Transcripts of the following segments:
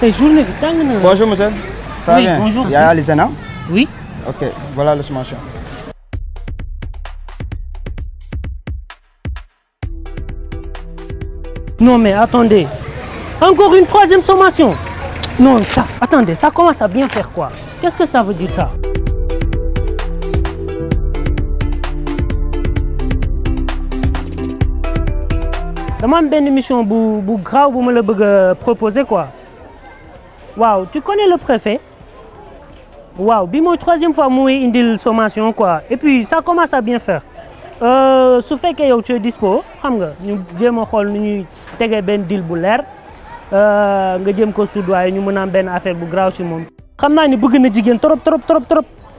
tey journée bi tàng na. bonjour monsieur. ça oui, ok voilà la sommation. non mais attendez encore une troisième sommation non ça attendez ça commence à bien faire quoi qu'est-ce que ça veut dire ça. dama am benn mission bu bu grave bu ma la bëgg euh, proposer quoi. waaw tu connais le préfet waaw bi mooy troisième fois muy indil sommation quoi et puis ça commence à bien faire euh, su fekkee yow tu es dispo xam nga ñu jéem a xool nu ñuy tegee benn deal bu leer euh, nga jëm ko sud waaye ñu mën a am benn affaire bu graaw ci moom. xam naa ni bëgg na jigéen trop trop trop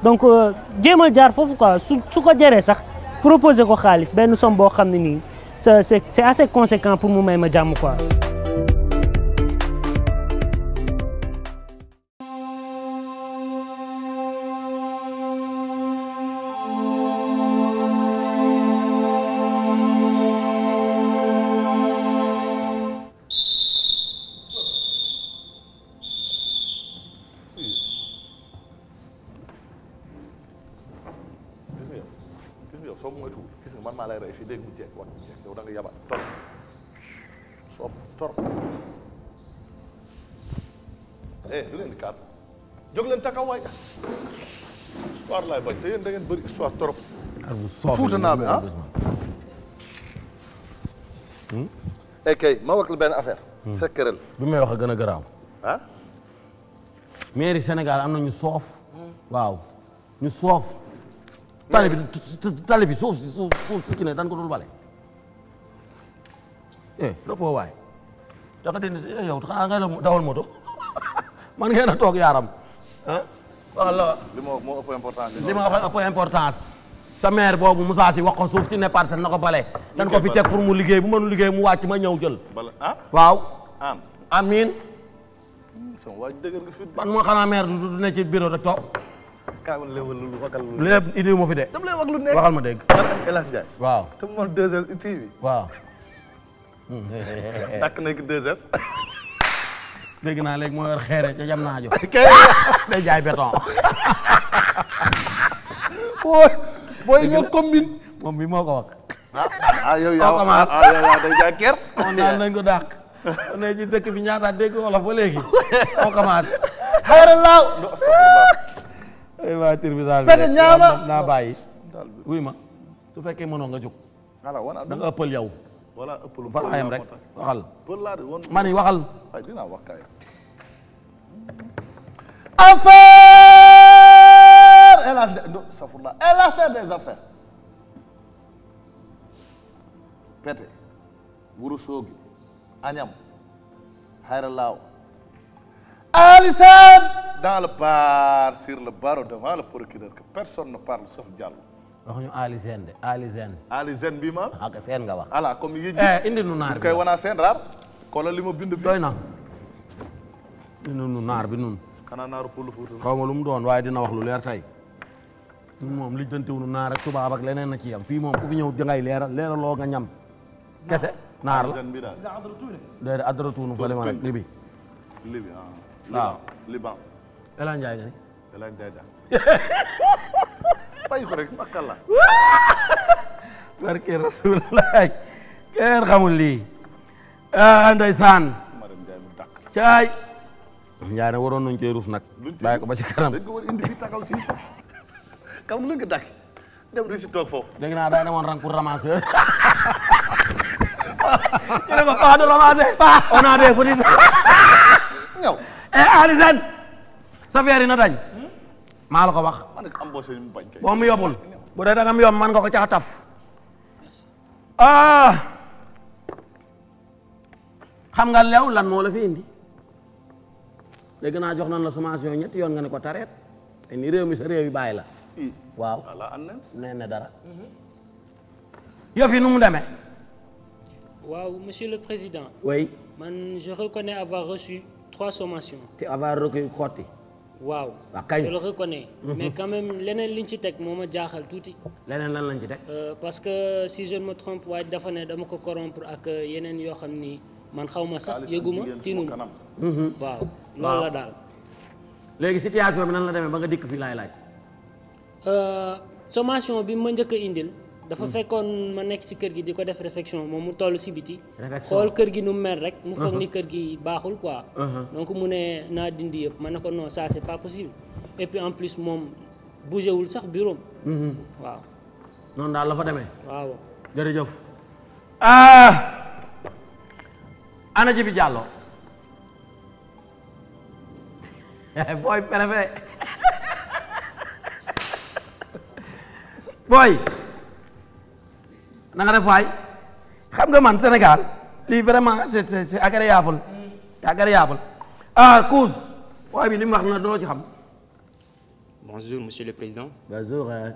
donc donc euh, a jaar foofu quoi su su ko jëree sax proposer ko xaalis benn somme boo xam ne nii c'est c'est assez conséquent pour mu may ma jàmm quoi. gis nga man maa lay rey fii léegi mu jeex wax mu jeex yow da nga yaba tor soob tor eh du ngeen di kaat jóg leen takaw waay histoire laay bañ te yéen da ngeen bëri histoire trop. fuuta naa bi ah. eh kay ma wax la benn affaire. sa këral. bi may wax a gën a garaaw. ah. mairie Sénégal am na ñu soof. waaw ñu soof. tali bi tali bi suuf si suuf si ki ne dan ko dul bale eh dopoo waay daxa eh, den toog yaaram ah eh, wala li ma moo ëpp importance li si wax ko suuf ne na ko bale dañ ko fi teg pour mu liggéey bu mënu liggéey mu wàcc ma ñëw jël ah? waaw amiin man moo xanaa maire du ne ci bureau rek toog kaawul léwal moo fi de. dama ma dégg. man ak El Hadj Ndiaye. waaw te moom 2S TV. waaw. takk na ki naa léegi moo yor xeere ca jam naa jo. day jaay béton. booy booy ñoo commune. moom mi moo ko wax. ah, ah yow yaa ah yow yaa day on est dëkk bi ñaata dégg ba léegi on commence. xeere laaw. aywa tribunal bi pete ñaama naa bàyyi. wuy ma su fekkee mënoo nga jóg. da nga ëppal yow. wala ëppalu fa ayam rek waxal. ma ni waxal. affaire elle a safurla elle a fait des affaires. pete. wurusoogi. añam. xayralaaw. Alissane. dans le bar sur le barreau devant le procureur que personne ne parle sauf Ali Sène de Ali Sène. Ali Sène bii ma. ak ah, Sène nga wax. voilà eh, indi nu naar bi li ma bind naar bi nun xanaa naaru pël ma lu mu doon waaye dina wax lu leer tey. ñun moom lijjantiwuñu naar ak tubaab ak leneen na ci yam fii moom ku fi ñëw dangay leeral leeraloo nga ñam. kese naar la. déedéet adratuunu fële ma libi ah. waaw Liban. El Hadj Ndiaye nga ni. El Hadj Ndiaye bàyyi ko rek makkala. barke Rasulullah kenn xamul lii. Ah, ndeysaan. caay. Ndiaye nag waroon nañu cee ruus nag. ko ba ci kanam. dañ ko war indi naa day demoon rang pour ramasser. ñu ne ko pas de ramasser. on a des petits. Eh, alisan sa feer yi na dañ hmm? maa la ko wax boo yobul bu dee da yom man nga ko caa taf ah xam nga lew lan moo fi indi léegi naa jox nan la semence yooyu ñetti yoon nga ne ko tareet te ni sa réew yi bàyyi la waaw nee na dara mm-hmm. yëf yi nu mu waaw monsieur le président oui je reconnais avoir reçu trois sommations. te avant recueil xotti. waaw kañ ko le mhm. mais quand leneen liñ ci teg moo ma jaaxal tuuti. leneen lan lañ ci teg. Euh, parce que si je ma me trompe waaye dafa ne dama ko corrompre ak yeneen yoo xam ni man xaw ma sax yëguma tinuma waaw loolu la daal. léegi situation bi nan la demee ba nga dikk fii laay laaj. Euh, sommation bi ma njëkk a indil. dafa hmm. fekkoon ma nekk ci kër gi di ko def réflexion moom mu tollu si biti xool kër gi nu mu mel rek mu uh-huh. foog ni kër gi baaxul quoi uh-huh. donc mu ne naa dindi yëpp ma ne ko non ça c'est pas possible et puis en plus moom bougé sax bureau uh-huh. waaw noonu daal la demee waaw jërëjëf ah! ana jibi booy na nga def xam nga man Sénégal lii vraiment c'est c'est agréable agréable ah Kouz waaye bi li mu wax na doo ci xam. bonjour monsieur le président. bonjour. Euh,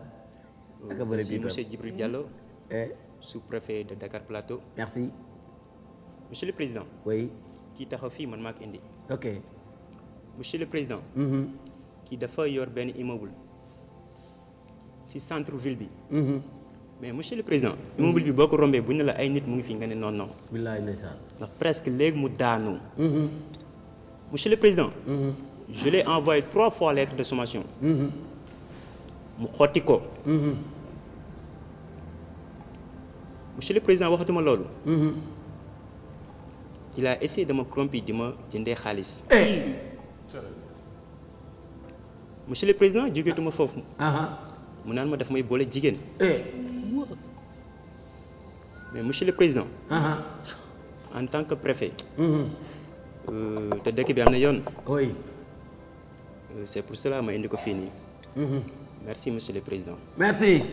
je suis monsieur Djibril Diallo. Eh? sous-préfet de Dakar Plateau. monsieur le président. oui. kii taxaw fii man maa ko indi. monsieur le président. Mm-hmm. kii dafa yor benn immeuble. ci centre bi. Mm-hmm. mais monsieur le président immeuble bi boo ko rombee bu ne la ay nit mu ngi fi nga ne non non. billaay ndeysaan presque léegi mu daanu. Mm-hmm. monsieur le président. Mm-hmm. je l'ai envoyé trois fois lettre de sommation. Mm-hmm. mu xotti ko. monsieur le président waxatuma loolu. il a essayé de me di ma jëndee xaalis. Eh. monsieur le président jógeetuma foofu. mu naan ma daf may boole jigéen. Eh. mais monsieur le président. Uh-huh. en tant que préfet. Mm-hmm. Euh, te dëkk bi am na yoon. oui. Euh, c' est pour cela ma indi ko fi nii. Mm-hmm. merci monsieur le président. merci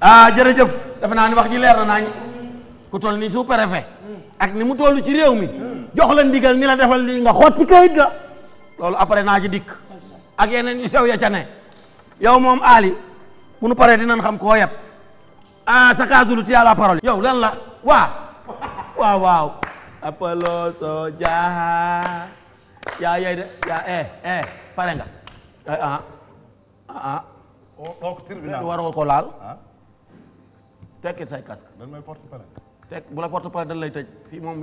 ah jërëjëf defe naa ni wax ji leer na nañ ku toll ni sous préfet. ak ni mu toll ci réew mi. jox la ndigal ni la defal nga xotti kayit ga. loolu après naa ci dikk. ak yeneen yu sew ya ca ne. yow moom Ali bu nu paree dinañ xam koo yeb. ah sa kaasulu la parole yow lan la waaw waaw waaw apollo soja yaa de yaa eh eh pare nga eh, ah ah, ah. waroo laal ah. tekki say casque teg bu la porte parole dañ lay tëj fii moom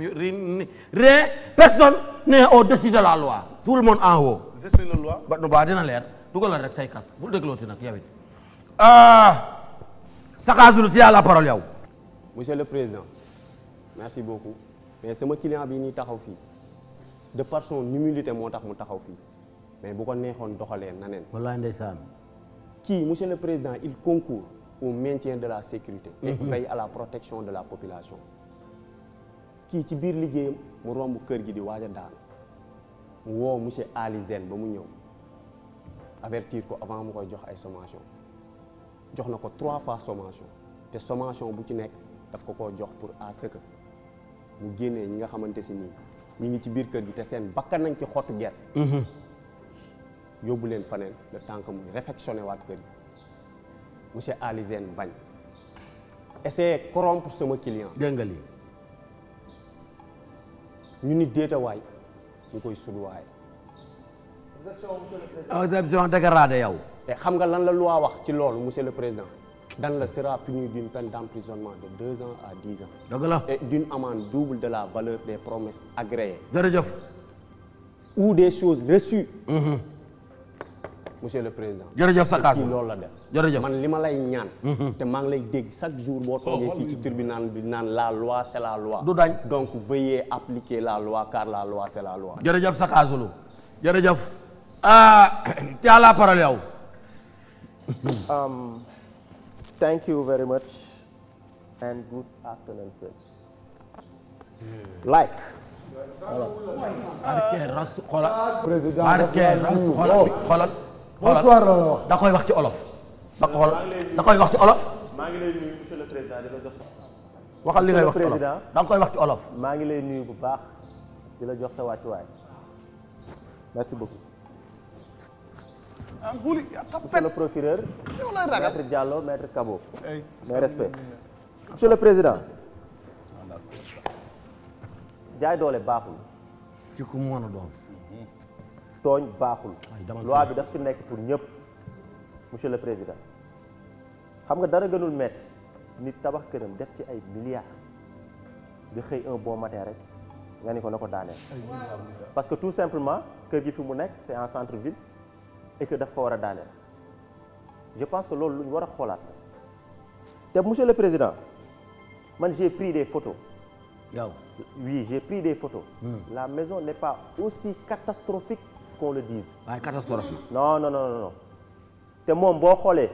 rien personne n'est au-dessus de la loi tout le monde en haut ba dina leer dugalal rek say casque bu dégloo ti nag yawit ah Saka Zulu tu as la parole yow. monsieur le président merci beaucoup mais sama client bi ñuy taxaw fii de par son humilité moo tax mu taxaw fii mais bu ko neexoon doxalee naneen. wallaay ndeysaan. kii monsieur le président il concourt au maintien de la sécurité. et mhm. veille à la protection de la population. kii ci biir liggéeyam mu romb kër gi di waaj a daanu mu woo monsieur Ali Zen ba mu ñëw avertir ko avant mu koy jox ay sommation. jox na ko trois fois sommation te sommation bu ci nekk daf ko koo jox pour à ce mu génnee ñi nga xamante si nii ñi ngi ci biir kër gi te seen bakkan nañ ci xottu gerte. Mm-hmm. yóbbu leen faneen le temps que muy réfectionné waat kër gi monsieur Alizène bañ essayer corrompre sama client. dégg nga lii ñu ni déetawaay ñu koy suluwaay. objection monsieur ah, yow. te xam nga lan la loi wax ci loolu monsieur le président dan la sera puni d'une peine d'emprisonnement de deux ans à dix ans. dëgg la et d'une amende double de la valeur des promesses agréées. jërëjëf. ou des choses reçues. Mhm. monsieur le président. jërëjëf sa kii loolu la def. jërëjëf man li ma lay ñaan. Mhm. te maa ngi lay dégg chaque jour boo toogee ci tribunal bi naan la loi c'est la loi. du dañ donc veuillez appliquer la loi car la loi c'est la loi. jërëjëf sa kaasulu jërëjëf ah tu la parole yow. um, thank you very much and good afternoon, sir. Like. barke rasu xoolal. président barke rasu xoolal bi xoolal. bonsoir la wax euh. da koy wax ci olof. da koy da koy wax ci olof. maa ngi lay nuyu monsieur le président di la jox. waxal li ngay wax ci olof da nga koy wax ci olof. maa ngi lay nuyu bu baax di la jox sa wàccuwaay merci beaucoup. ah Bouly ah, monsieur le procureur. maître Diallo monsieur le président. jaay doole baaxul. ci ku mu mën a doon. tooñ baaxul. loi bi daf ci nekk pour ñëpp. monsieur le président xam nga dara gënul metti nit tabax këram def ci ay milliards nga xëy un bon matin rek nga ni ko na ko daaneel. parce que tout simplement kër gi fi mu nekk c'est en centre ville. et que daf ko war a daaneel je pense que loolu lu ñu war a xoolaat te monsieur le président man j'ai pris des photos waaw oui j'ai pris des photos hmm. la maison n'est pas aussi catastrophique qu'on le dise waaye catastrophe non non non non te moom boo xoolee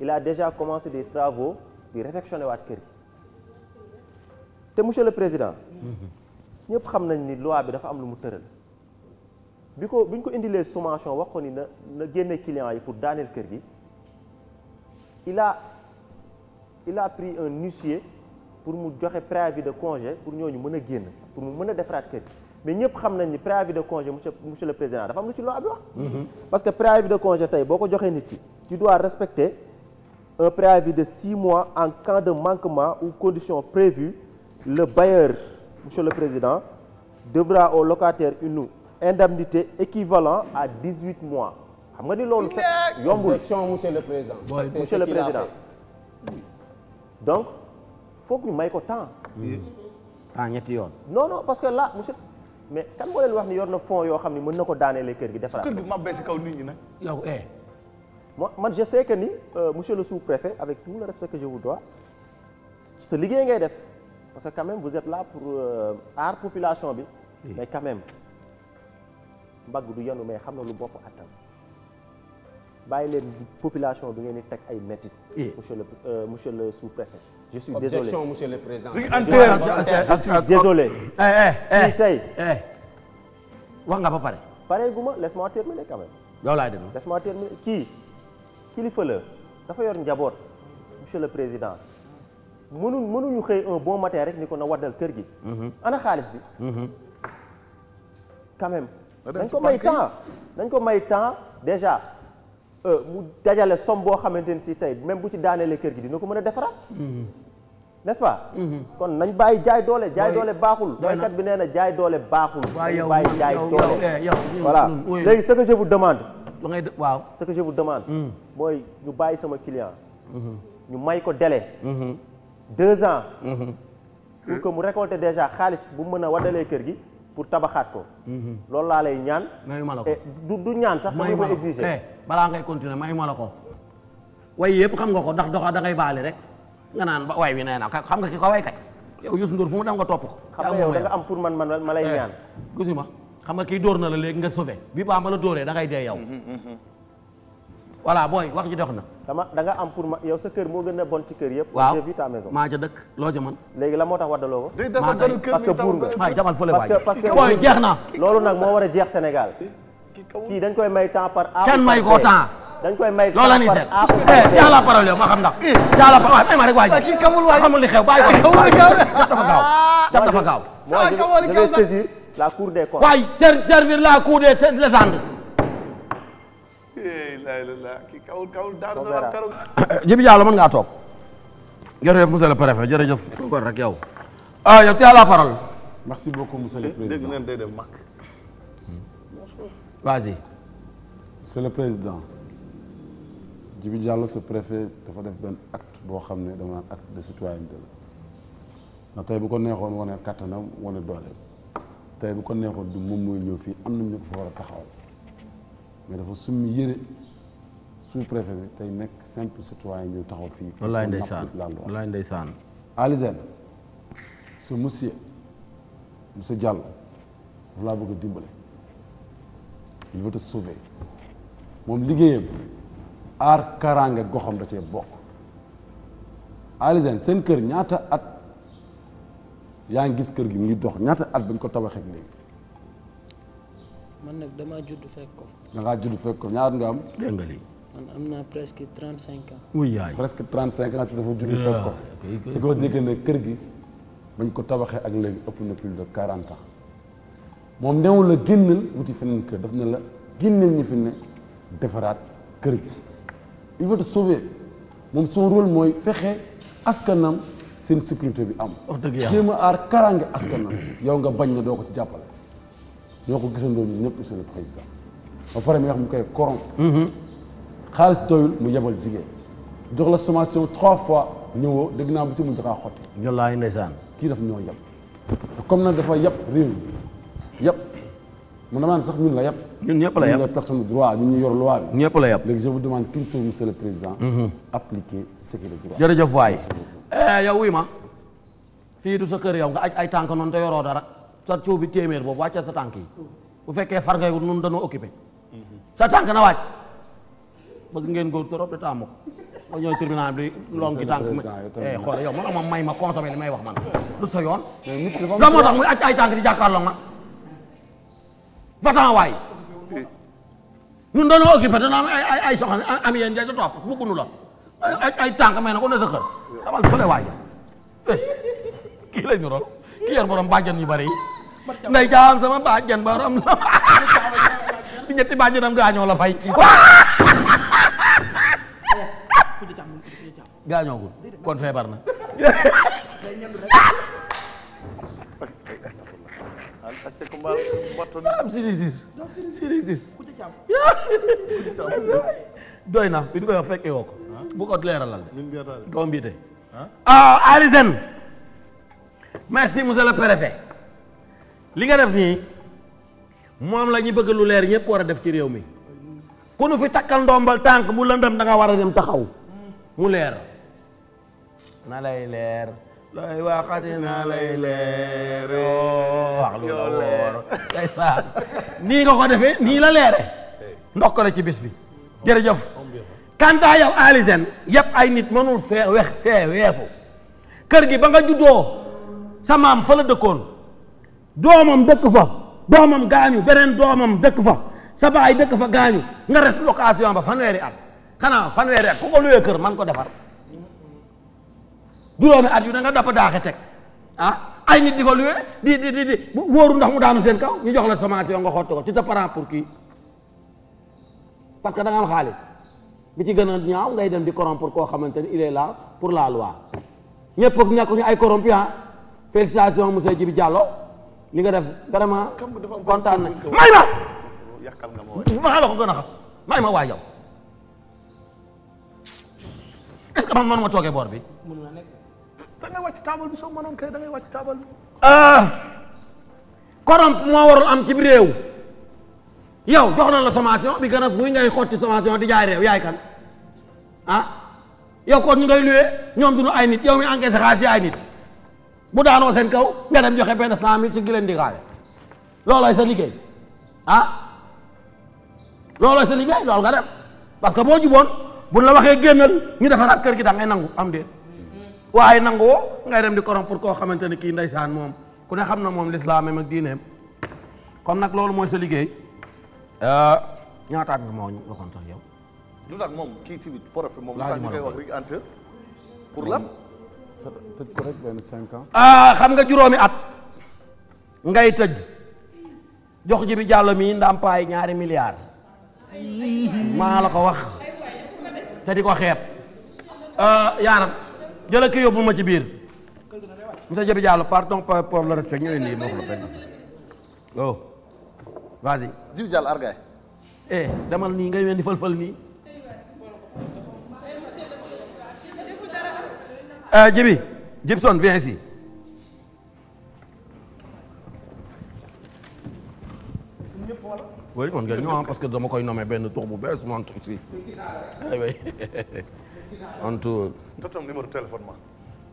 il a déjà commencé des travaux di réfectionné waat kër te monsieur le président hmm. ñëpp xam nañ ni loi bi dafa am lu mu tëral bi ko bi ñu ko indilee sommation wax ko ni na na génne client yi pour daaneel kër gi il a il a pris un huissier pour mu joxe préavis de congé pour ñooñu mën a génn pour mu mën a defaraat kër gi mais ñëpp xam nañ ni préavis de congé monsieur monsieur le président dafa am lu ci loi bi wax. Mm-hmm. parce que préavis de congé tey boo ko joxee nit ki tu dois respecter un préavis de six mois en cas de manquement ou condition prévue le bailleur monsieur le président devra au locataire une indemnité équivalent à dix huit mois xam nga ni loolu. sax yombul objection monsieur le président. monsieur le président donc foog ñu may ko temps. temps ñetti yoon. non non parce que là monsieur. mais kan moo leen wax ni yor na fonds yoo xam ni mën na ko daanelee kër gi defaraat. kër gi ma bees si kaw nit ñi nag. yow eh. moi man je sais que ni euh, monsieur le sous-préfet avec tout le respect que je vous dois sa liggéey ngay def parce que quand même vous êtes là pour euh, aar population bi. mais quand mbagg du yenu mais xam na lu bopp attan bàyyi leen population bi ngeen di teg ay métit eh. monsieur le euh, monsieur le sous-préfet je suis désolé objection monsieur le président je suis désolé fii tey wax nga ba pare pare gu ma laisse-moi terminer quand même yow laay déglu laisse-moi terminer kii dafa yor njaboot monsieur le président mënuñ mënuñu xëy un bon matin rek ni ko na waddal kër gi mhm. ana xaalis bi mhm. quand dañ ko may temps dañ ko may temps déjà euh, mu dajale somme boo xamante ni si tey même bu ci daaneele kër gi dina ko mën a defaraat mm-hmm. n'est-ce mm-hmm. kon nañ bàyyi jaay doole jaay doole baaxul baykat bi nee na jaay doole baaxul nañ bàyyi jaay doole voilà léegi ce que je vous demande waaw ce que je vous demande mm. mooy ñu bàyyi sama client mm-hmm. ñu may ko délai deux ans pour mu récolter déjà xaalis bu mën a wadalee kër gi pour tabaxaat ko. Mhm. loolu laa lay ñaan. mayuma la ko eh, du du ñaan sax. mayuma la ko exiger eh balaa ngay continuer mayuma la ko. waaye yëpp xam nga ko ndax doxa da ngay baali rek nga naan ba waay wi nee na xam nga ki ko way kay yow Youssou Ndour fu mu dem nga topp ko. xam nga yow am pour man man ma lay eh, ñaan. gisuma xam nga kii dóor na la léegi nga sauvé bi baa ma la dóoree da dee yow. Mhm, mhm, voilà booy wax ji dox na. dama da am pour ma yow sa kër moo gën a bon ci kër yëpp. waaw j'ai vu ta maison maa ca loo ca léegi la moo tax waddaloo ko. day defar benn kër mi taw nga parce que jamal fële waay jeex na. loolu nag moo war a jeex Sénégal kii dañ koy may temps par. kenn may ko temps. dañ koy may loola ni seet eh, jeex la parole yow ma xam ndax eh. jeex la parole may ma rek waay kii xamul waay xamul li xew bàyyi ko jàpp dafa gaaw ah. jàpp dafa gaaw moi je vais saisir la cour des comptes waay servir la cour des légendes Jibi Diallo mën ngaa toog. jërëjëf monsieur le préfet jërëjëf. kon rek yow. ah yow tu as la parole. merci beaucoup monsieur le eh, président dégg day dem mag. vas-y. monsieur le président. Jibi jàll ce préfet dafa def benn acte boo xam ne dama naan acte de citoyenneté la. ndax tey bu ko neexoon wane kattanam wane doole tey bu ko neexoon du moom mooy ñëw fii am nañu ko fa war a taxawal mais dafa summi yëre. sous tey nekk simple citoyen ñu taxaw fii. wallaay ndeysaan wallaay ndeysaan. Alizane ce monsieur monsieur Diallo daf laa bëgg a dimbale il veut te sauver moom liggéeyam aar kaaraange goxam da cee bokk Alizane seen kër ñaata at yaa ngi gis kër gi mu ngi dox ñaata at bañ ko tabaxee léegi. man nag damaa judd fekk ko. da ngaa fekk ko ñaata nga am. dégg nga lii. man am naa presque trente cinq ans. wuy yaay presque trente cinq ans ko. si ko ak léegi ëpp na plus de quarante ans moom newul la génnal wuti feneen kër daf ne la génneel ñi fi defaraat kër gi. il veut moom son mooy fexe askanam seen sécurité bi am. wax dëgg yàlla jéem a aar askanam. yow nga bañ na doo ko ci jàppale. ñoo ko gisandoo ñun ñëpp monsieur président ba pare mi wax mu koy corrompre. Mm-hmm. xaalis doyul mu yebal jigéen jox la sommation trois fois ñëwoo dégg naa bu ci mujj kaa xotti. wallaahi ndeysaan. kii daf ñoo yab comme nag dafa yab réew mi yab mu ne sax ñun la yab. ñun ñëpp la yab ñun les personnes de droit ñun ñu yor loi bi. ñëpp la yab léegi je vous demande qu'une chose monsieur le président. Mhm. appliquer ce que le droit. jërëjëf waay. Eh, yow wuy ma fii du sa kër yow nga ay tànk noonu te yoroo dara sa coow téeméer boobu wàcce sa tànk yi bu fekkee far ngay wut noonu dañoo occupé mhm. sa tànk na wàcc. bëgg ngeen góor trop de taamu ko ñooy tribunal bi loom ci tànk eh xool yow man am may ma consommé li may wax man du sa yoon la moo tax muy acc ay tànk di jàkkaarloo ma batan waay ñun dañoo occupé dana am ay ay soxna am yéen jaay da topp bëggunu la ay ay tànk may na ko ne sa kër xamal fële waay es kii lay ñu rool kii yar borom bàjjan yu bari yi nday jaam sama bàjjan borom la di ñetti bàjjanam gaañoo la fay gaañoogul kon feebar na. am sinistis sinistis doy na bi ñu koy wax fekke woo ko bu ko leeralal de ko mbiite ah, ah Alisen merci monsieur le préfet li nga def nii moom la ñu bëgg lu leer ñëpp war a def ci réew mi ku nu fi takkal ndombal tànk bu lëndëm da nga war a dem taxaw mu leer na lay leer looy waxati na leer oh, nii nga ko defee nii la leere ndox la ci bis bi jërëjëf oh, kanta yow alisen yëpp ay nit mënul fee fee weefu kër gi ba nga juddoo sa maam dëkkoon doomam dëkk fa doomam gaañu beneen doomam dëkk fa sa baay dëkk fa gaañu nga res location ba fanweeri at xanaa fanweeri at ku ko luyee kër man ko defar juróomi at yu da nga dappa daaxe teg ah ay nit di ko di di di di wóoru ndax mu daanu seen kaw ñu jox la semence yoo nga xottu ko tu te prends pour qui parce que da nga xaalis bi ci gën a ñaaw ngay dem di corrompre koo xamante ni il pour la loi ñëpp ak nekk ñu ay corrompu ah félicitations monsieur Djibi Diallo li nga def vraiment kontaan na may ma ko gën a xam may ma waa yow est-ce que ma toogee boor bi da ngay wàcc taabal bi soo mënoon kay ngay wàcc taabal bi. Ah, moo warul am ci bi réew yow jox nañ la sommation bi gën a buy ngay xotti sommation di jaay réew yaay kan ah yow kon ñu ngay luwe ñoom duñu ay nit yow mi encaissé xaalis ay nit bu daanoo seen kaw nga dem joxe benn cent mille leen di xaale loolooy sa liggéey ah loolooy sa liggéey loolu nga dem parce que boo juboon buñ la waxee génnal ñu defaraat kër gi da nangu am déet waaye nanguwoo ngay dem di korom pour koo xamante ne kii ndeysaan moom ku ne xam na moom lislaamam ak diineem comme nag loolu mooy sa liggéey ah, ñaataat bi moo ñu waxoon sax yow. lu tax ah, xam nga juróomi at ngay tëj jox ji bi jàll mi ndàmpaay ñaari milliards maa la ko wax te di ko xeeb ah, yaaram. jëla ki yóbbul ma ci biir monsieur Jabi Diallo pardon pour le respect ñu indi ma wax la benn oh vas-y. Jabi Diallo Argaye. eh demal nii ngay wen di fël-fël nii. Jibi eh, Jibson viens ici. oui man ngeen parce que dama koy nommé benn tour bu bees mont toog numéro téléphone ma.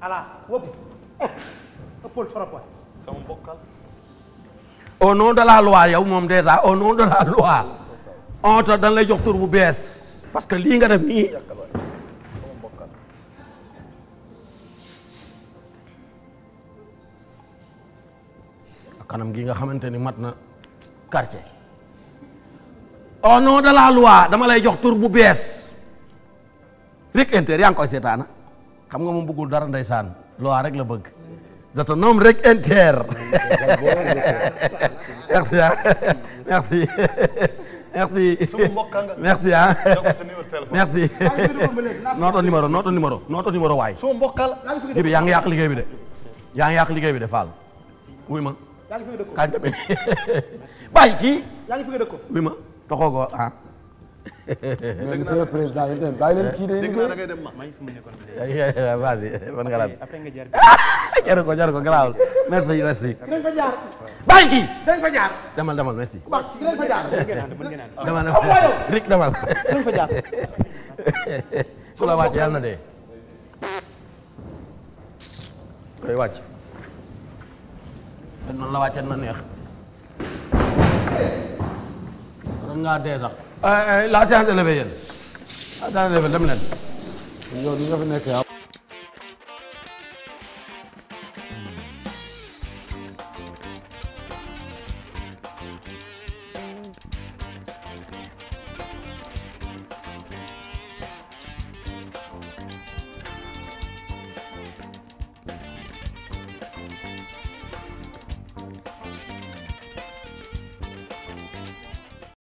ala wóob. ëppal trop waay. sama mbokkal. au nom de la loi yow moom déjà au nom de lay jox bu bees. parce que lii nga def nii. kanam gi nga xamante ni mat na quartier. au oh, nom de la dama lay jox tur bu bees rek inter yaa ngi koy seetaana ah. xam nga moom bëggul dara ndeysaan loi rek la bëgg je te nomme rek inter merci ah. merci nooto numéro nooto numéro waay jibi yaa ngi yàq liggéey bi de yaa ngi yàq liggéey bi de Fall wuy ma kañ tamit bàyyi kii wuy ma toxoogoo ah. mais monsieur le président yéen tamit bàyyi leen kii day liggéey dégg dem maa ngi fi mu nekkoon vas-y man nga laal après nga jaar jaru ko jaru ko garaawul merci merci. dañ fa jaar. bàyyi kii. dañ fa jaar. demal demal merci. waaw si dañ fa jaar. demal demal rik demal. dañ fa jaar. su la wàcc yàlla na dee. koy wàcc. te noonu la wàcce na neex. kon ngaa dee sax. Eh, eh, la séance est levée yéen. ah séance est levée dem leen. ñoo ñu nga fi nekk